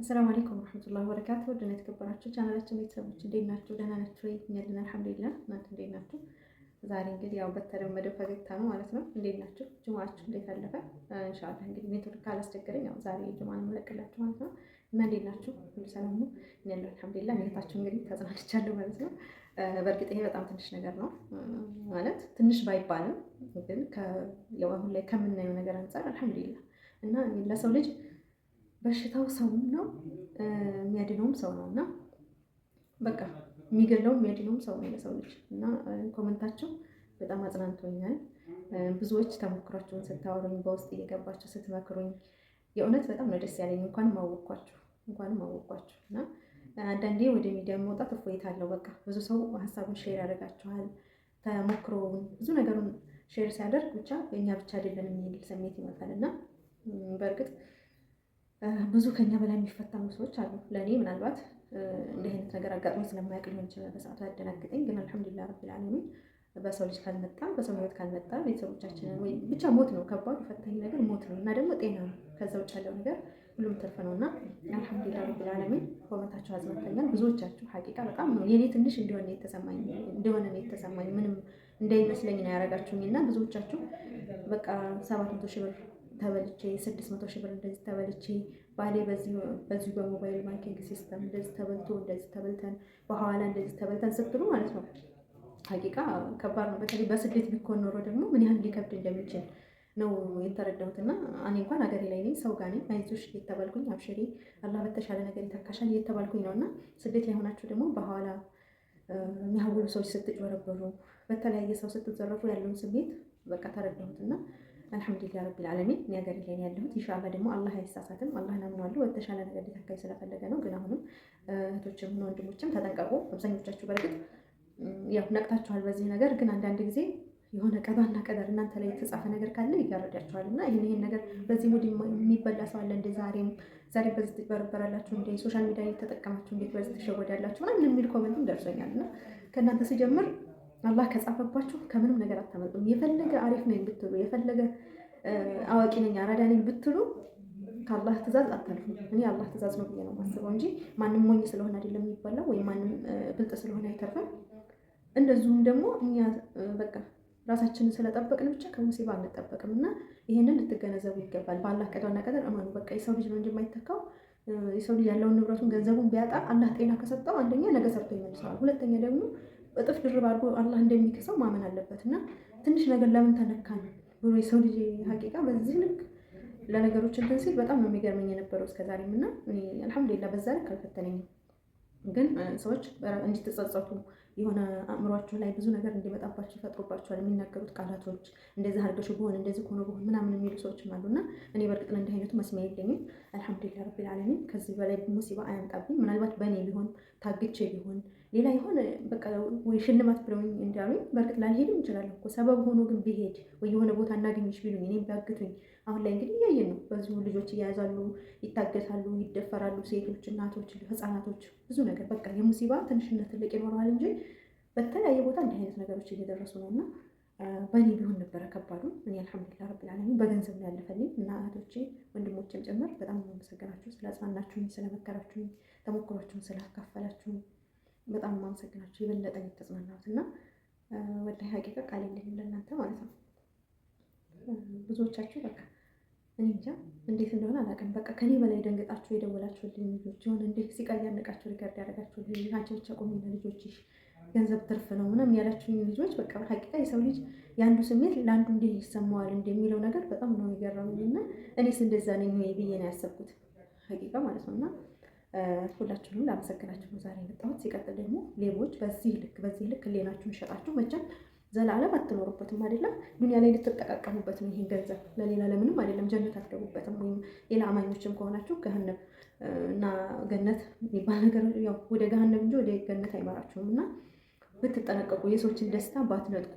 አሰላሙ አለይኩም ወራህመቱላሂ ወበረካቱ። ወደነ የተከበራችሁ ቻናላችን ቤተሰቦች እንዴት ናችሁ? ደህና ናችሁ ወይ? እኛ ደህና አልሐምዱሊላህ። እናንተ እንዴት ናችሁ? ዛሬ እንግዲህ ያው በተለመደው ፈገግታ ነው ማለት ነው። እንዴት ናችሁ? ጁማችሁ እንዴት አለፈ? ኢንሻአላህ እንግዲህ ኔትወርክ አላስቸገረኝ ያው ዛሬ ጁማን መለቅላችሁ ማለት ነው። እና እንዴት ናችሁ? ሁሉ ሰላም ነው? እኛ አልሐምዱሊላህ። እህታችሁ እንግዲህ ተጽናንቻለሁ ማለት ነው። በእርግጥ ይሄ በጣም ትንሽ ነገር ነው ማለት ትንሽ ባይባልም ግን አሁን ላይ ከምናየው ነገር አንጻር አልሐምዱሊላህ እና ለሰው ልጅ በሽታው ሰውም ነው የሚያድነውም ሰው ነው እና በቃ የሚገለው የሚያድነውም ሰው ነው የሰው ልጅ እና ኮመንታቸው በጣም አጽናንቶኛል። ብዙዎች ተሞክሯቸውን ስታወሩኝ በውስጥ እየገባቸው ስትመክሩኝ የእውነት በጣም ነው ደስ ያለኝ። እንኳን አወቅኳችሁ እንኳን አወቅኳችሁ እና አንዳንዴ ወደ ሚዲያ መውጣት እፎይታ አለው። በቃ ብዙ ሰው ሀሳቡን ሼር ያደርጋችኋል። ተሞክሮውን ብዙ ነገሩን ሼር ሲያደርግ ብቻ እኛ ብቻ አይደለንም የሚል ስሜት ይመጣል እና በእርግጥ ብዙ ከኛ በላይ የሚፈታሙ ሰዎች አሉ። ለእኔ ምናልባት እንዲህ አይነት ነገር አጋጥሞ ስለማያውቅ ሊሆን ይችላል በሰዓቱ ያደናግጠኝ። ግን አልሐምዱላ ረቢል በሰው ልጅ ካልመጣ በሰው ህይወት ካልመጣ ቤተሰቦቻችንን ወይ ብቻ ሞት ነው ከባዱ ፈታኝ ነገር ሞት ነው እና ደግሞ ጤና ነው። ከዛ ውጭ ያለው ነገር ሁሉም ትርፍ ነው እና አልሐምዱላ ረብልዓለሚን ዓለሚን አዝመተኛል። ብዙዎቻችሁ ሀቂቃ በጣም ነው የኔ ትንሽ እንደሆነ የተሰማኝ እንደሆነ ነው የተሰማኝ ምንም እንዳይመስለኝ ነው ያደረጋችሁኝ እና ብዙዎቻችሁ በቃ ሰባት መቶ ሺህ ብር ተበልቼ ስድስት መቶ ሺህ ብር እንደዚህ ተበልቼ ባሌ በዚሁ በሞባይል ባንኪንግ ሲስተም እንደዚህ ተበልቶ እንደዚህ ተበልተን በኋላ እንደዚህ ተበልተን ስትሉ ማለት ነው ሀቂቃ ከባድ ነው። በተለይ በስደት ቢኮን ኖሮ ደግሞ ምን ያህል ሊከብድ እንደሚችል ነው የተረዳሁት። እና እኔ እንኳን ሀገሬ ላይ ነኝ፣ ሰው ጋር ነኝ፣ አይዞሽ እየተባልኩኝ አብሽሪ፣ አላህ በተሻለ ነገር ይተካሻል እየተባልኩኝ ነው። እና ስደት ላይ ሆናችሁ ደግሞ በኋላ የሚያውሉ ሰዎች ስትጭበረበሩ፣ በተለያየ ሰው ስትዘረፉ ያለውን ስሜት በቃ ተረዳሁት እና አልሐምዱሊላህ ረቢል ዓለሚን እኔ ሀገሬ ላይ ያለሁት ኢንሻአላህ ደግሞ አላህ አይሳሳትም። አላህን አምናለሁ የተሻለ ነገር ሊተካኝ ስለፈለገ ነው። ግን አሁንም እህቶችም ሆነ ወንድሞችም ተጠንቀቁ። አብዛኞቻችሁ በእርግጥ ያው ነቅታችኋል በዚህ ነገር። ግን አንዳንድ ጊዜ የሆነ ቀዳና ቀደር እናንተ ላይ የተጻፈ ነገር ካለ ይጋረዳችኋል እና ይህን ይህን ነገር በዚህ ሙድ የሚበላ ሰው አለ እንደ ዛሬም ዛሬ በዚህ ትበረበራላችሁ እንደ ሶሻል ሚዲያ እየተጠቀማችሁ እንዴት በዚህ ትሸወዳላችሁ ምናምን የሚል ኮመንትም ደርሶኛል እና ከእናንተ ሲጀምር አላህ ከጻፈባችሁ ከምንም ነገር አታመልጡም። የፈለገ አሪፍ ነኝ ብትሉ፣ የፈለገ አዋቂ ነኝ አራዳ ነኝ ብትሉ ከአላህ ትእዛዝ አታልፉም። እኔ አላህ ትእዛዝ ነው ብዬ ነው ማስበው እንጂ ማንም ሞኝ ስለሆነ አይደለም የሚባለው ወይም ማንም ብልጥ ስለሆነ አይተርፍም። እንደዚሁም ደግሞ እኛ በቃ ራሳችንን ስለጠበቅን ብቻ ከሙሲባ አንጠበቅም እና ይህንን ልትገነዘቡ ይገባል። በአላህ ቀዳና ቀደር እመኑ። በቃ የሰው ልጅ ነው እንጂ የማይተካው የሰው ልጅ ያለውን ንብረቱን ገንዘቡን ቢያጣ አላህ ጤና ከሰጠው አንደኛ ነገ ሰርቶ ይመልሰዋል፣ ሁለተኛ ደግሞ እጥፍ ድርብ አድርጎ አላህ እንደሚከሰው ማመን አለበት እና ትንሽ ነገር ለምን ተነካን ብሎ የሰው ልጅ ሀቂቃ በዚህ ልክ ለነገሮች እንትን ሲል በጣም ነው የሚገርመኝ የነበረው እስከዛሬም እና አልሐምዱሊላ በዛ ልክ አልፈተነኝም። ግን ሰዎች እንዲተጸጸቱ የሆነ አእምሯቸው ላይ ብዙ ነገር እንዲመጣባቸው ይፈጥሩባቸዋል። የሚናገሩት ቃላቶች እንደዚህ አድርገሽው በሆን እንደዚህ ሆኖ በሆን ምናምን የሚሉ ሰዎችም አሉና እኔ በእርግጥ ለእንዲህ አይነቱ መስሚያ የለኝም። አልሐምዱሊላህ ረቢል ዓለሚን ከዚህ በላይ ሙሲባ አያምጣብኝ። ምናልባት በእኔ ቢሆን ታግቼ ቢሆን ሌላ የሆነ በቃ ወይ ሽልማት ብለውኝ እንዳሉኝ በእርግጥ ላልሄድም እችላለሁ ሰበብ ሆኖ ግን ብሄድ ወይ የሆነ ቦታ እናገኝሽ ቢሉኝ እኔም ቢያግቱኝ አሁን ላይ እንግዲህ እያየን ነው። በዚሁ ልጆች እያያዛሉ፣ ይታገታሉ፣ ይደፈራሉ። ሴቶች፣ እናቶች፣ ህፃናቶች ብዙ ነገር በቃ የሙሲባ ትንሽነት ትልቅ ይኖረዋል እንጂ በተለያየ ቦታ እንዲህ አይነት ነገሮች እየደረሱ ነው እና በእኔ ቢሆን ነበረ ከባዱ። እኔ አልሐምዱላ ረብላለሚ በገንዘብ ነው ያለፈልኝ እና እህቶቼ ወንድሞቼም ጭምር በጣም የማመሰግናችሁ ስለአጽናናችሁኝ፣ ስለመከራችሁኝ፣ ተሞክሯችሁን ስላካፈላችሁኝ በጣም የማመሰግናችሁ የበለጠ የተጽናናሁት እና ወደ ሀቂቃ ቃል የለኝም ለእናንተ ማለት ነው ብዙዎቻችሁ በቃ እኔ እንጃ እንዴት እንደሆነ አላውቅም። በቃ ከኔ በላይ ደንገጣችሁ የደወላችሁልኝ ልጆች የሆነ እንዴት ሲቀል ያነቃችሁ ሪከርድ ያደረጋችሁልኝ ናቸው ብቻ ቆሚ ልጆችሽ ገንዘብ ትርፍ ነው ምናምን ያላችሁኝ ልጆች በቃ ሀቂቃ የሰው ልጅ የአንዱ ስሜት ለአንዱ እንዴት ይሰማዋል እንደሚለው ነገር በጣም ነው የሚገረመኝ። እና እኔስ እንደዛ ነኝ ወይ ብዬ ነው ያሰብኩት ሀቂቃ ማለት ነው። እና ሁላችሁንም ላመሰግናችሁ ነው ዛሬ የመጣሁት። ሲቀጥል ደግሞ ሌቦች በዚህ ልክ በዚህ ልክ ሌናችሁን ሸጣችሁ መቼም ዘላለም አትኖሩበትም አይደለም። ዱኒያ ላይ ልትጠቃቀሙበት ነው። ይሄ ገንዘብ ለሌላ ለምንም አይደለም። ጀነት አትገቡበትም። ወይም ሌላ አማኞችም ከሆናችሁ ገሀነም እና ገነት የሚባል ነገር ያው ወደ ገሀነም እንጂ ወደ ገነት አይመራችሁም። እና ብትጠነቀቁ፣ የሰዎችን ደስታ ባትነጥቁ፣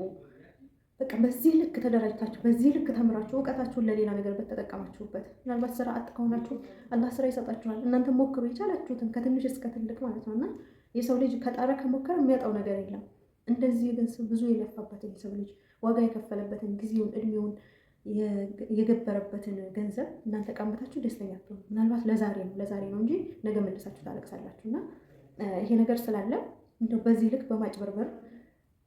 በቃ በዚህ ልክ ተደራጅታችሁ፣ በዚህ ልክ ተምራችሁ፣ እውቀታችሁን ለሌላ ነገር በተጠቀማችሁበት። ምናልባት ስራ አጥ ከሆናችሁ አላህ ስራ ይሰጣችኋል። እናንተ ሞክሩ፣ የቻላችሁትን ከትንሽ እስከ ትልቅ ማለት ነው። እና የሰው ልጅ ከጣረ ከሞከረ የሚያጣው ነገር የለም። እንደዚህ የገንዘብ ብዙ የለፋበትን ሰው ልጅ ዋጋ የከፈለበትን ጊዜውን እድሜውን የገበረበትን ገንዘብ እናንተ ቀምታችሁ ደስተኛ ትሆኑ። ምናልባት ለዛሬ ነው ለዛሬ ነው እንጂ ነገ መለሳችሁ ታለቅሳላችሁ። እና ይሄ ነገር ስላለ እንደው በዚህ ልክ በማጭበርበር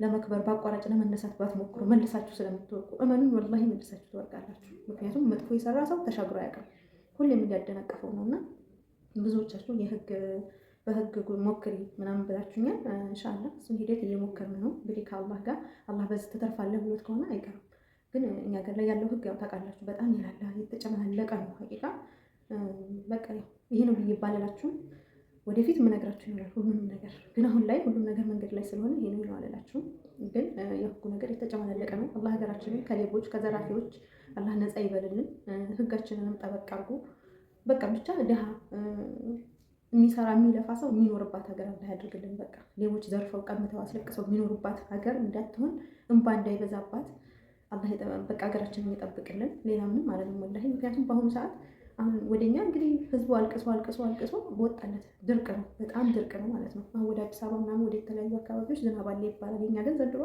ለመክበር በአቋራጭ ለመነሳት ባትሞክሩ መልሳችሁ ስለምትወርቁ እመኑኝ፣ ወላሂ መልሳችሁ ትወርቃላችሁ። ምክንያቱም መጥፎ የሰራ ሰው ተሻግሮ አያውቅም፣ ሁሌም እያደናቀፈው ነው እና ብዙዎቻችሁ የህግ በህግ ሞክሪ ምናምን ብላችሁኛል። እንሻላ እሱን ሂደት እየሞከርን ነው እንግዲህ ከአላህ ጋር አላህ በዚህ ትተርፋለህ ብሎት ከሆነ አይቀርም። ግን እኛ ሀገር ላይ ያለው ህግ ያው ታውቃላችሁ፣ በጣም ይላላ የተጨመላለቀ ነው። ሀቂቃ በቃ ይሄ ነው ብዬ ባለላችሁ ወደፊት ምነግራችሁ ይሆናል ሁሉም ነገር። ግን አሁን ላይ ሁሉም ነገር መንገድ ላይ ስለሆነ ይሄ ነው አላላችሁም። ግን የህጉ ነገር የተጨመላለቀ ነው። አላህ ሀገራችንን ከሌቦች ከዘራፊዎች አላህ ነፃ ይበልልን። ህጋችንንም ጠበቅ አድርጎ በቃ ብቻ ድሃ የሚሰራ የሚለፋ ሰው የሚኖርባት ሀገር አላህ ያድርግልን። በቃ ሌቦች ዘርፈው ቀምተው አስለቅሰው የሚኖርባት ሀገር እንዳትሆን እንባ እንዳይበዛባት አላህ በቃ ሀገራችንን ይጠብቅልን። ሌላ ምንም ማለት ወላሂ። ምክንያቱም በአሁኑ ሰዓት አሁን ወደኛ እንግዲህ ህዝቡ አልቅሶ አልቅሶ አልቅሶ በወጣለት ድርቅ ነው፣ በጣም ድርቅ ነው ማለት ነው። አሁን ወደ አዲስ አበባ ምናምን ወደ የተለያዩ አካባቢዎች ዝናብ አለ ይባላል። የኛ ግን ዘንድሮ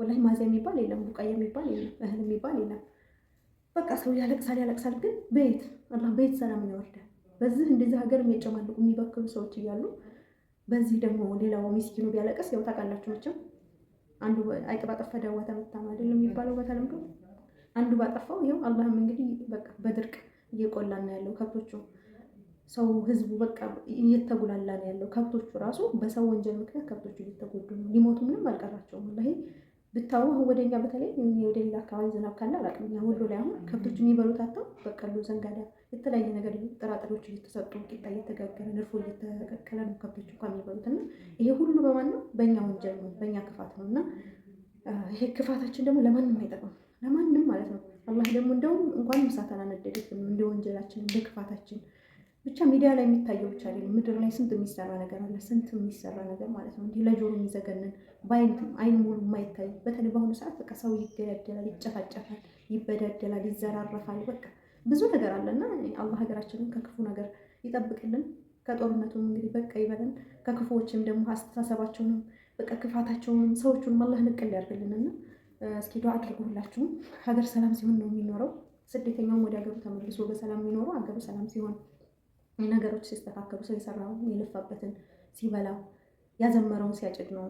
ወላሂ ማዚያ የሚባል የለም፣ ቡቃያ የሚባል የለም፣ እህል የሚባል የለም። በቃ ሰው ያለቅሳል ያለቅሳል፣ ግን በየት አላህ በየት ሰላም ይወርዳል? በዚህ እንደዚህ ሀገር የሚያጨማልቁ የሚበክሉ ሰዎች እያሉ በዚህ ደግሞ ሌላው ሚስኪኑ ቢያለቀስ ያው ታውቃላችሁ መቼም አንዱ አይጥ ባጠፋ ዳዋ ተመታ አይደለም የሚባለው በተለምዶ አንዱ ባጠፋው ይኸው አላህም እንግዲህ በቃ በድርቅ እየቆላ ነው ያለው ከብቶቹ ሰው ህዝቡ በቃ እየተጉላላ ነው ያለው ከብቶቹ ራሱ በሰው ወንጀል ምክንያት ከብቶቹ እየተጎዱ ነው ሊሞቱ ምንም አልቀራቸውም ላይ ብታዩ ወደኛ በተለይ ወደ ሌላ አካባቢ ዝናብ ካለ አላቅም ወሎ ላይ አሁን ከብቶች የሚበሉት አተው በቀሎ፣ ዘንጋዳ የተለያየ ነገር ጥራጥሬዎች እየተሰጡ ቂጣ እየተጋገረ ንርፎ እየተቀቀለ ነው ከብቶች እንኳ የሚበሉት እና ይሄ ሁሉ በማን ነው? በእኛ ወንጀል ነው፣ በእኛ ክፋት ነው። እና ይሄ ክፋታችን ደግሞ ለማንም አይጠቅም፣ ለማንም ማለት ነው። አላህ ደግሞ እንደውም እንኳንም እሳት አላነደደብንም እንደ ወንጀላችን እንደ ክፋታችን ብቻ ሚዲያ ላይ የሚታየው ብቻ አይደለም፣ ምድር ላይ ስንት የሚሰራ ነገር አለ። ስንት የሚሰራ ነገር ማለት ነው። እንዲህ ለጆሮ የሚዘገንን በአይን ሙሉ የማይታይ በተለይ በአሁኑ ሰዓት በቃ ሰው ይገዳደላል፣ ይጨፋጨፋል፣ ይበዳደላል፣ ይዘራረፋል። በቃ ብዙ ነገር አለ እና አላህ ሀገራችንን ከክፉ ነገር ይጠብቅልን። ከጦርነቱም እንግዲህ በቃ ይበለን። ከክፉዎችም ደግሞ አስተሳሰባቸውንም በቃ ክፋታቸውንም ሰዎቹንም አላህ ንቅል ያድርግልንና እስኪ ዱዓ አድርጉ ሁላችሁም። ሀገር ሰላም ሲሆን ነው የሚኖረው። ስደተኛውም ወደ ሀገሩ ተመልሶ በሰላም የሚኖረው ሀገሩ ሰላም ሲሆን ነገሮች ሲስተካከሉ ስለሰራው የለፋበትን ሲበላው ያዘመረውን ሲያጭድ ነው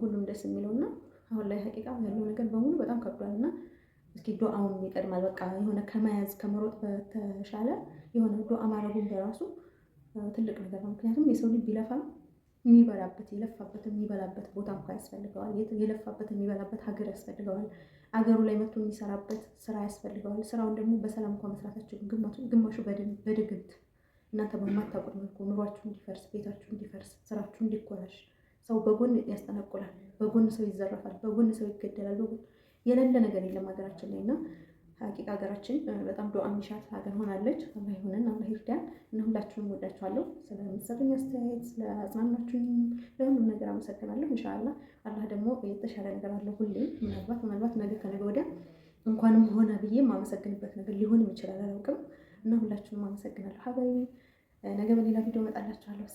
ሁሉም ደስ የሚለው እና አሁን ላይ ሀቂቃ ያለው ነገር በሙሉ በጣም ከብዷል እና እስኪ ዶአውን ይቀድማል። በቃ የሆነ ከመያዝ ከመሮጥ በተሻለ የሆነ ዱዓ ማድረጉን በራሱ ትልቅ ነገር ነው። ምክንያቱም የሰው ልጅ ቢለፋ የሚበላበት የለፋበት የሚበላበት ቦታ እንኳ ያስፈልገዋል። የለፋበት የሚበላበት ሀገር ያስፈልገዋል። አገሩ ላይ መጥቶ የሚሰራበት ስራ ያስፈልገዋል። ስራውን ደግሞ በሰላም እንኳ ግማሹ በድግምት እናንተ በማታውቁት መልኩ ኑሯችሁ እንዲፈርስ፣ ቤታችሁ እንዲፈርስ፣ ስራችሁ እንዲኮላሽ፣ ሰው በጎን ያስጠነቁላል፣ በጎን ሰው ይዘረፋል፣ በጎን ሰው ይገደላል። የሌለ ነገር የለም ሀገራችን ላይ እና ሀቂቃ ሀገራችን በጣም ዱዓ የሚሻት ሀገር ሆናለች። አላህ ይሁንን፣ አላህ ይርዳን እና ሁላችሁም ወዳችኋለሁ። ስለምትሰጡኝ አስተያየት፣ ስለአጽናናችሁኝ፣ ለሁሉም ነገር አመሰግናለሁ። እንሻላ አላህ ደግሞ የተሻለ ነገር አለ ሁሌም። ምናልባት ምናልባት ነገ ከነገ ወዲያ እንኳንም ሆነ ብዬ የማመሰግንበት ነገር ሊሆንም ይችላል፣ አላውቅም እና ሁላችሁንም አመሰግናለሁ ሀባይ ነገ በሌላ ቪዲዮ እመጣላችኋለሁ።